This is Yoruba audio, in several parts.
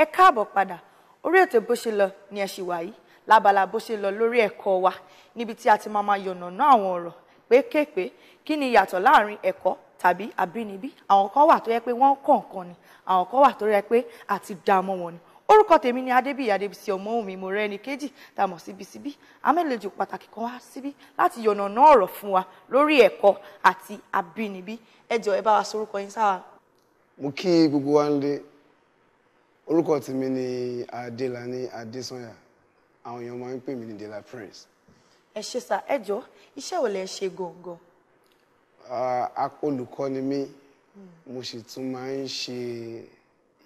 ẹ káàbọ̀ padà orí ètò bó ṣe lọ ni ẹ ṣì wà yìí lábala bó ṣe lọ lórí ẹ̀kọ́ wa níbi tí a ti máa máa yànnàná àwọn ọ̀rọ̀ pékèpé kí ni ìyàtọ̀ láàrin ẹ̀kọ́ tàbí àbínibí àwọn kan wà tó yẹ pé wọ́n kọ̀ọ̀kan ni àwọn kan wà tó yẹ pé àti dààmú wọn ni orúkọ tèmi ni adébíyí adébísí ọmọwùmí mo rẹ ẹni kejì tá a mọ̀ síbisíbí amẹ́lẹ́jọ pàtàkì kan wá síbí láti yànnàná ọ̀rọ̀ fún wa lórí ẹ̀kọ́ àti àbínibí ẹ ẹ bá wa sorúkọ yín sáà. mo kí gbogbo wa ń lé orúkọ tèmi ni adélani adésànyà àwọn èèyàn máa ń pè mí ní dela prince. ẹ ṣe sà ẹ jọ iṣẹ́ wo lẹ ṣe gangan. olùkọ́ ni mí mo sì tún máa ń ṣe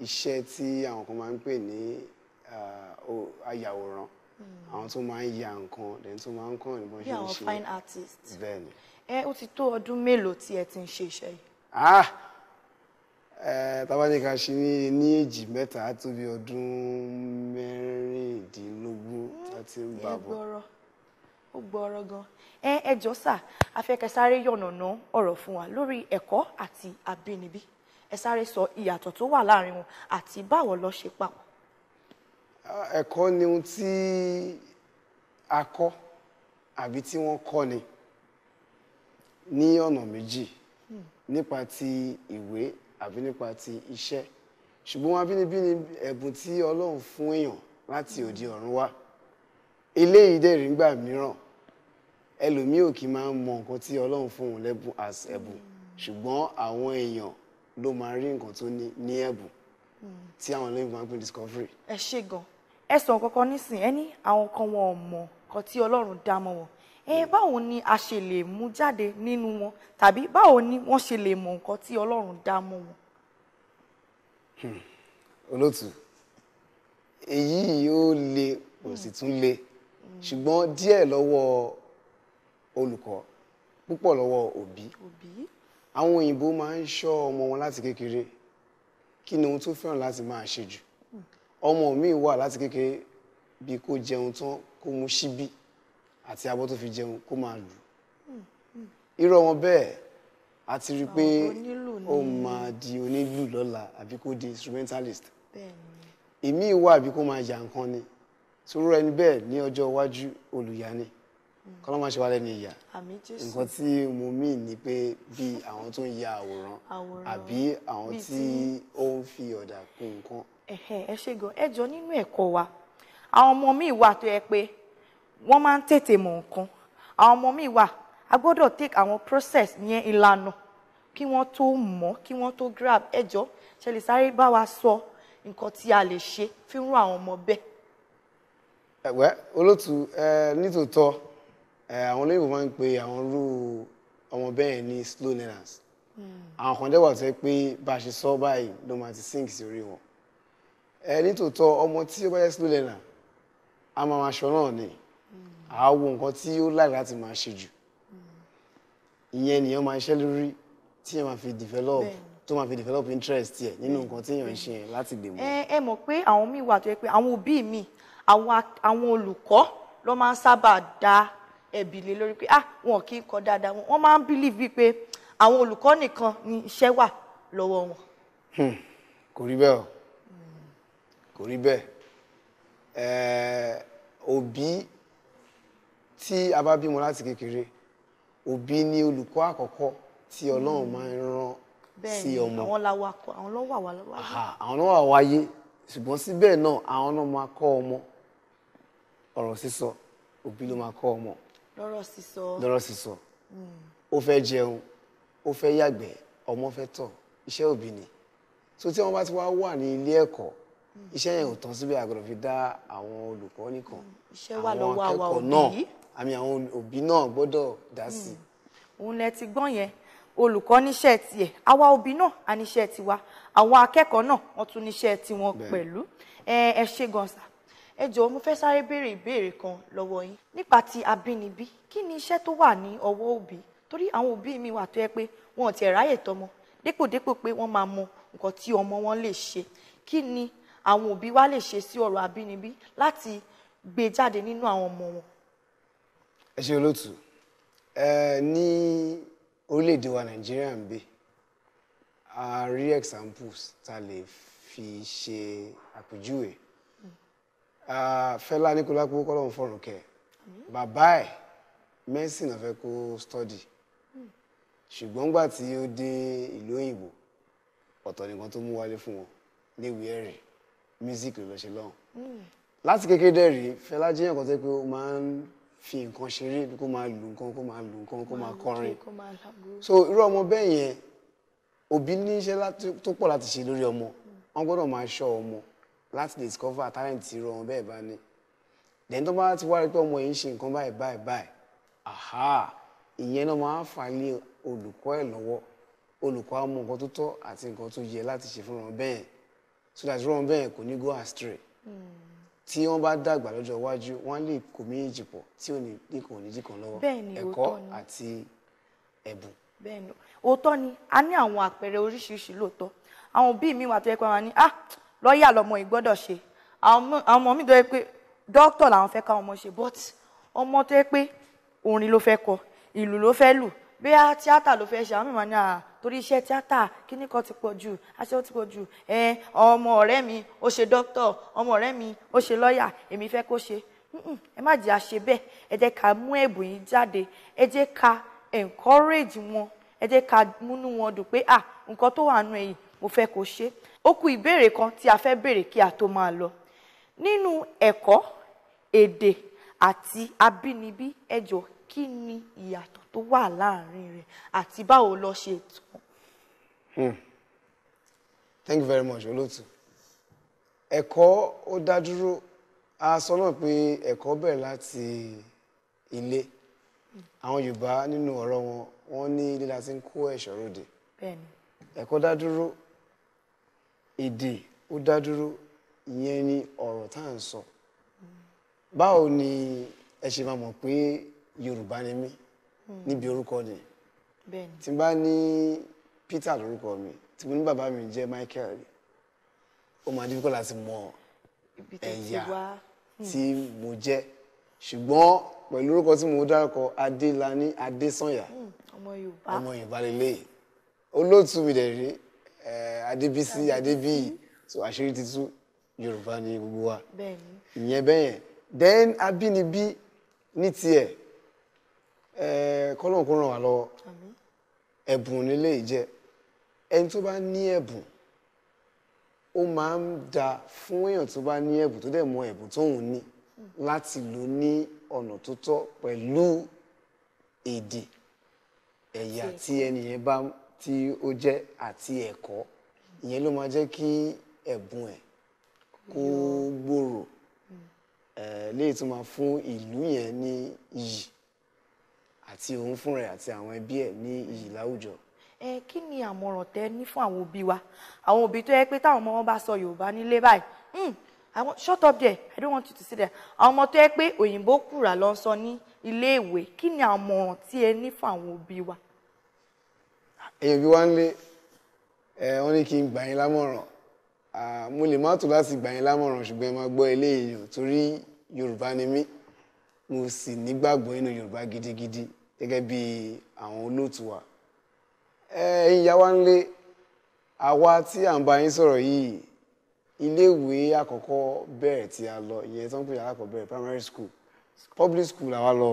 iṣẹ́ tí àwọn kan máa ń pè ní ayàwòrán hmm. àwọn tó máa ń ya nǹkan lẹ́yìn tó máa ń kọ́ ìbọn ṣe ń ṣe bẹ́ẹ̀ ni. ẹ ó ti tó ọdún mélòó tí ẹ ti ń ṣe iṣẹ́ yìí. ah Eh, tábà ní ká ṣe ní ní èjì mẹ́ta á tó bí ọdún mẹ́rìndínlógún láti ń bàbọ̀. ó gbọ́rọ̀ gan ẹ ẹjọ́ sà afẹ́kẹ́sáré yànnàná ọ̀rọ̀ fún wa lórí ẹ̀kọ́ àti àbínibí ẹ sáré sọ ìyàtọ̀ tó wà láàrin wọn àti báwo ló ṣe papọ̀. ẹ̀kọ́ ni ohun tí a kọ́ àbí tí wọ́n kọ́ ni ní ọ̀nà méjì hmm. nípa ti ìwé àbí nípa ti iṣẹ́ ṣùgbọ́n àbínibí ni ẹ̀bùn tí Ọlọ́run fún èèyàn láti òde ọ̀run wá eléyìí dẹ̀ rí gbà mìíràn ẹlòmíì ò kì í máa ń mọ nǹkan tí Ọlọ́run fún òun lẹ́bùn as ẹ̀bùn ṣùgbọ́n àwọn èèyàn ló máa rí nǹkan tó ní ní ẹ̀bùn tí àwọn olóyìnbó máa ń pè discovery. ẹ ṣe gan ẹ sọ nǹkan kan nísìnyí ẹ ní àwọn kan wọn ò mọ nǹkan tí Ọlọ́run dá mọ́ wọn ẹ eh, báwo ni a ṣe lè mú jáde nínú wọn tàbí báwo ni wọ́n ṣe lè mọ nǹkan tí Ọlọ́run dá mọ́ wọn. Hmm. olótù èyí yóò le kò sì tún le ṣùgbọ́n díẹ̀ lọ́wọ́ olùkọ́ púpọ̀ lọ́wọ́ òbí àwọn òyìnbó máa ń ṣọ́ ọmọ wọn láti kékeré kí ni ohun tó fẹ́ràn láti máa ṣe jù ọmọ mi wà láti kékeré bí kò jẹun tán kó mu ṣíbí. Mm àti abọ́ tó fi jẹun kó máa lù irọ́ wọn bẹ́ẹ̀ a ti rí i pé ó máa di onílù lọ́la àbí kó di instrumentalist èmi ìwà àbí kó máa yà nǹkan ni sórú ẹni bẹ́ẹ̀ ní ọjọ́ iwájú olùyà ni kọ́lá máa ṣe wá lẹ́nu ìyà nǹkan tí mo mí ni pé bí àwọn tó ń ya àwòrán àbí àwọn tí ó ń fi ọ̀dà kún nǹkan. ẹ ṣe gan ẹjọ nínú ẹ̀kọ́ wa àwọn ọmọ mi wà tó yẹ pé wọ́n máa ń tètè mọ̀ nǹkan àwọn ọmọ mi wà a gbọ́dọ̀ take àwọn process yẹn ìlànà kí wọ́n tó mọ̀ kí wọ́n tó grab ẹjọ́ ṣe lè sáré bá wa sọ nǹkan tí a lè ṣe fi ń rún àwọn ọmọ bẹ́ẹ̀. ẹ̀wẹ́ olóòtú nítòótọ́ àwọn olóyìnbó máa ń pe àwọn irú ọmọ bẹ́ẹ̀ ní slow learners hmm. àwọn kan dẹ́wà tó pé bá a ṣe sọ báyìí ló máa ti sink sí orí wọn nítòótọ́ ọmọ tí ó bá yẹ slow learner a máa máa ṣọ náà ni àá wo nǹkan tí ó láì láti máa ṣe jù ìyẹn nìyẹn máa ṣe lórí tí yẹn máa fi develop tó máa fi develop interest yẹ nínú nǹkan tí yẹn ń ṣe yẹn láti dè mọ́. ẹ ẹ mọ̀ pé àwọn míì wà tó yẹ pé àwọn òbí mi àwọn olùkọ́ ló máa ń sábà dá ẹ̀bì lé lórí pé ah wọn kì í kọ dáadáa wọn máa ń believe bíi pé àwọn olùkọ́ nìkan ni iṣẹ́ wà lọ́wọ́ wọn. Hmm, kò rí bẹ́ẹ̀ o kò rí bẹ́ẹ̀ òbí tí a bá bímọ láti kékeré òbí ni olùkọ́ àkọ́kọ́ tí ọlọ́run máa ń rán sí ọmọ àwọn lọ́wọ́ àwa wáyé àwọn lọ́wọ́ àwa wáyé ṣùgbọ́n síbẹ̀ náà àwọn náà máa kọ́ ọmọ ọ̀rọ̀ sísọ òbí ló máa kọ́ ọmọ lọ́rọ̀ sísọ lọ́rọ̀ sísọ hmm. ó fẹ́ jẹun ó fẹ́ yàgbẹ́ ọmọ fẹ́ tọ̀ iṣẹ́ òbí ni so tí wọ́n bá ti wá wà ní ilé ẹ̀kọ́ Hmm. iṣẹ́ yẹn ò tán síbẹ̀ àgọ́dọ̀ fi dá àwọn olùkọ́ nìkan hmm. àwọn akẹ́kọ̀ọ́ náà àmì àwọn òbí náà gbọ́dọ̀ dá sí i. Hmm. òun lẹ ti gbọ́n yẹn olùkọ́ níṣẹ́ tiẹ̀ àwa òbí náà a níṣẹ́ tiwa àwọn akẹ́kọ̀ọ́ náà wọ́n tún níṣẹ́ tiwọn pẹ̀lú ẹ ṣe gànsà ẹ jọ̀ọ́ mo fẹ́ sáré béèrè ìbéèrè kan lọ́wọ́ yín nípa ti abínibí kí ni iṣẹ́ tó wà ní ọwọ́ òbí torí àwọn òbí mi wà tó yẹ pé wọn ò tiẹ̀ ráyè tọmọ dépòdépò pé wọ́n máa mọ nǹkan tí ọmọ wọn lè ṣe kí ni àwọn òbí wa lè ṣe sí ọ̀rọ̀ àbínibí láti gbé jáde nínú àwọn ọmọ wọn. ẹ ṣe olóòtú ní orílẹ̀-èdè wa nàìjíríà ń bẹ a rí examples ta lè fi ṣe àpèjúwe Fẹ́lá Aníkúlápó kọ́lọ́hún fọ̀rùn kẹ́ bàbá ẹ̀ mẹ́sìn náà fẹ́ kó study hmm. ṣùgbọ́n gbà tí ó dé ìlú òyìnbó ọ̀tọ̀ nìkan tó mú wálé fún wọn léwu ẹ̀rìn music ló lọ ṣe lọ́hùn hmm. láti kékeré dẹ̀ rí Fẹlá jẹ́ ẹ̀kọ́ tẹ́ pé ó máa ń fi nǹkan ṣeré kó máa lu nǹkan kó máa lu nǹkan kó máa kọrin so irú ọmọ bẹ́ẹ̀ yẹn òbí ní iṣẹ́ tó pọ̀ láti ṣe lórí ọmọ hmm. wọn gbọ́dọ̀ máa ṣọ́ ọmọ láti discover talent irú ọmọ bẹ́ẹ̀ bá ní then tó bá ti wá rí pé ọmọ yìí ń ṣe nǹkan báyìí báyìí aha ìyẹn náà máa ń fà lé olùkọ́ ẹ̀ lọ́wọ́ olùkọ́ á mọ nǹkan tó tọ́ àti nǹkan tó yẹ láti ṣe fún ọmọ bẹ́ẹ̀ so that wrong bẹ́ẹ̀ kò ní go astray tí wọ́n bá dàgbà lọ́jọ́ iwájú wọ́n lè kó méjì pọ̀ tí ò ní ní kò ní jìkan lọ́wọ́ ẹ̀kọ́ àti ẹ̀bùn. bẹ́ẹ̀ni òótọ́ ni a ní àwọn àpẹẹrẹ oríṣiríṣi lóòótọ́ àwọn òbí mi wà tó yẹ pé wọn ní ah lọ́ọ̀yà lọmọ ìgbọ́dọ̀ ṣe àwọn ọmọ mi tó yẹ pé dókítà làwọn fẹ́ ká ọmọ ṣe but ọmọ tó yẹ pé orin ló fẹ́ kọ ìlú ló fẹ́ lù bóyá tíátà ló fẹ́ ṣe àwọn mìíràn náà torí iṣẹ́ tíátà kíní kan ti pọ̀ jù aṣọ ti pọ̀ jù ẹ ọmọ ọ̀rẹ́ mi ó ṣe dókítọ̀ ọmọ ọ̀rẹ́ mi ó ṣe lọ́ọ̀yà èmi fẹ́ kó ṣe ẹ má jẹ́ àṣe bẹ́ẹ̀ ẹ jẹ́ ká mú ẹ̀bùn yìí jáde ẹ jẹ́ ká encourage wọn ẹ jẹ́ ká múnú wọn dùn pé à nǹkan tó wà nù ẹ̀yìn mo fẹ́ kó ṣe ó kù ìbéèrè kan tí a fẹ́ béèrè kí a tó máa lọ nínú ẹ̀kọ́ èdè àti abínibí ẹjọ́ kí ni ìyàtọ̀ tó wà láàrin rẹ̀ àti báwo lọ ṣe tán. Hmm. thank you very much olóòtú ẹ̀kọ́ ó dá a sọ náà pé ẹ̀kọ́ bẹ̀rẹ̀ láti ilé àwọn Yorùbá nínú ọ̀rọ̀ wọn wọ́n ní ilé la ti ń kó ẹ̀ṣọ́ ròde ẹ̀kọ́ dá dúró èdè ó dá ìyẹn ni ọ̀rọ̀ tá à ń sọ báwo ni ẹ ṣe máa mọ̀ pé Yorùbá ni mí. Hmm. níbi orúkọ ni tí n bá ní Peter lórúkọ mi tí mo ní bàbá mi jẹ́ Michael ó máa dín kọ́ láti mọ ẹ̀yà hmm. tí mo jẹ́ ṣùgbọ́n pẹ̀lú orúkọ tí mo dárúkọ Adélani Adésànyà hmm. ọmọ Yorùbá lélẹ̀ olóòtú mi dẹ̀ rí eh, Adébísí Adébíyì so àṣírí ti tú Yorùbá ni gbogbo wa ìyẹn bẹ́yẹn then abínibí ní tiẹ̀ kọ́lọ́n kó ràn wá lọ́wọ́ ẹ̀bùn nílé ìjẹ́ ẹni tó bá ní ẹ̀bùn ó máa ń da fún èèyàn tó bá ní ẹ̀bùn tó dẹ̀ mọ ẹ̀bùn tóun ní láti lò ní ọ̀nà tó tọ́ pẹ̀lú èdè ẹ̀yà tí ẹnìyẹn bá tí ó jẹ́ àti ẹ̀kọ́ ìyẹn ló máa jẹ́ kí ẹ̀bùn ẹ̀ kó gbòòrò hmm. léyìí tó máa fún ìlú yẹn ní iyì àti òun fúnra ẹ̀ àti àwọn ẹbí ẹ̀ ní iyì láwùjọ. ẹ kí ni àmọ̀ràn tẹ́ ní fún àwọn òbí wa àwọn òbí tó yẹ pé táwọn ọmọ wọn bá sọ yorùbá nílé báyìí hmm, àwọn shut up there i don't want you to see there àwọn ọmọ tó yẹ pé òyìnbó kùrà lọ sọ ní ilé ìwé kí ni àmọ̀ràn tí ẹ ní fún àwọn òbí wa. èèyàn bí wá ń lé ẹ wọn ní kí n gbà yín lámọ̀ràn mo lè má tó láti gbà yín lámọ̀ràn ṣùgbọ́n ẹ máa gbọ́ eléyìí torí yorùbá ni mí mo sì nígbàgbọ́ nínú yorùbá gidigidi gẹ́gẹ́ bí àwọn olóòtú wa ẹ̀yin ìyá wa ńlé àwa tí à ń bá yín sọ̀rọ̀ yìí iléèwé àkọ́kọ́ bẹ̀rẹ̀ tí a lọ ìyẹn tó ń pè alákọ̀ọ́bẹ̀rẹ̀ primary school public school làwa lọ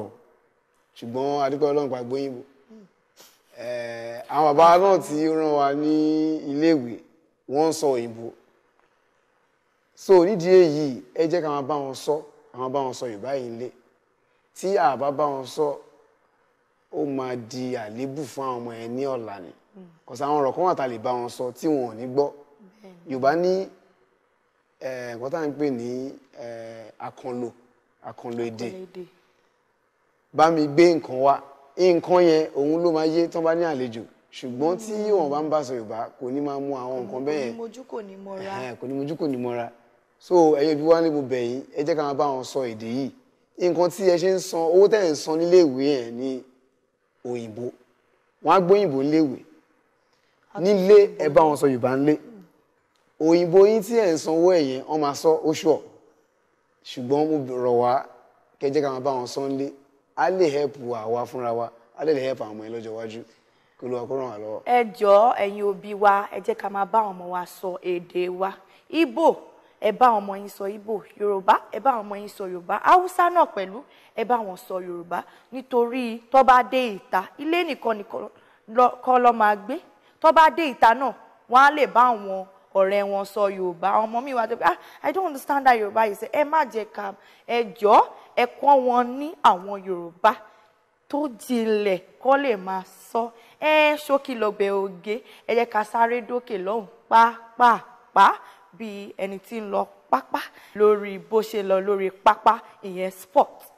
ṣùgbọ́n adúpẹ́ ọlọ́run gbàgbọ́ yìnbó àwọn bàbá náà tí ó rán wa ní iléèwé wọ́n sọ òyìnbó so nídìí èyí ẹ jẹ́ ká máa bá wọn sọ àwọn bá wọn sọ yorùbá yìí ń lé tí àbá bá wọn sọ ó máa di àléébù fún àwọn ọmọ ẹ ní ọ̀la ni kọ̀sá àwọn ọ̀rọ̀ kan wà tá lè bá wọn sọ tí wọn ò ní gbọ́ yorùbá ní eh, nǹkan tá à ń pè ní eh, àkànlò àkànlò èdè bá mi gbé nǹkan wá nǹkan yẹn òun ló máa yé tán bá ní àlejò ṣùgbọ́n tí hmm. wọn bá ń bá sọ yorùbá kò ní máa mú àwọn nǹkan bẹ́ẹ̀ kò ní mojú kò ní mọ́ra so ẹ̀yin òbí wa ní mo bẹ̀ yín ẹ jẹ́ ká máa bá wọn sọ èdè yìí nǹkan tí ẹ ṣe ń san owó tẹ̀ ń san nílé ìwé yẹn ni òyìnbó wọn á gbóyìnbó léwe nílé ẹ bá wọn sọ yorùbá nílé òyìnbó yín tí ẹ ń sanwó ẹ yẹn wọn máa sọ ó ṣọ ṣùgbọ́n mo rọ̀ wá kẹjẹ ká máa bá wọn sọ nílé á lè help àwa fúnra wa á lè help àwọn ọmọ yẹn lọ́jọ́ iwájú kí ló wà kó ràn wá lọ́wọ́. ẹ jọ̀ọ́ ẹ̀yin òbí wa ẹ jẹ́ ká máa bá ọmọ wa sọ èdè wa Ìgbò ẹ bá ọmọ yín sọ Ìgbò Yorùbá ẹ bá ọmọ yín sọ Yorùbá Haúsá náà pẹ̀lú ẹ bá wọn sọ Yorùbá nítorí tó dé ìta ilé nìkan kọ́ ló máa gbé tó dé ìta náà wọ́n á lè bá àwọn ọ̀rẹ́ wọn sọ Yorùbá ọmọ mi wà tó ah I don't understand that Yorùbá yìí ṣe ẹ má jẹ ká ẹ jọ ẹ kọ́ wọn ní àwọn Yorùbá tó jinlẹ̀ kọ́ lè máa sọ ẹ ṣókí lọ́gbẹ̀ oge ẹ jẹ́ ká sáré dókè lọ́hùn pàápàá bí ẹni tí ń lọ pápá lórí bó ṣe lọ lórí pápá ìyẹn sport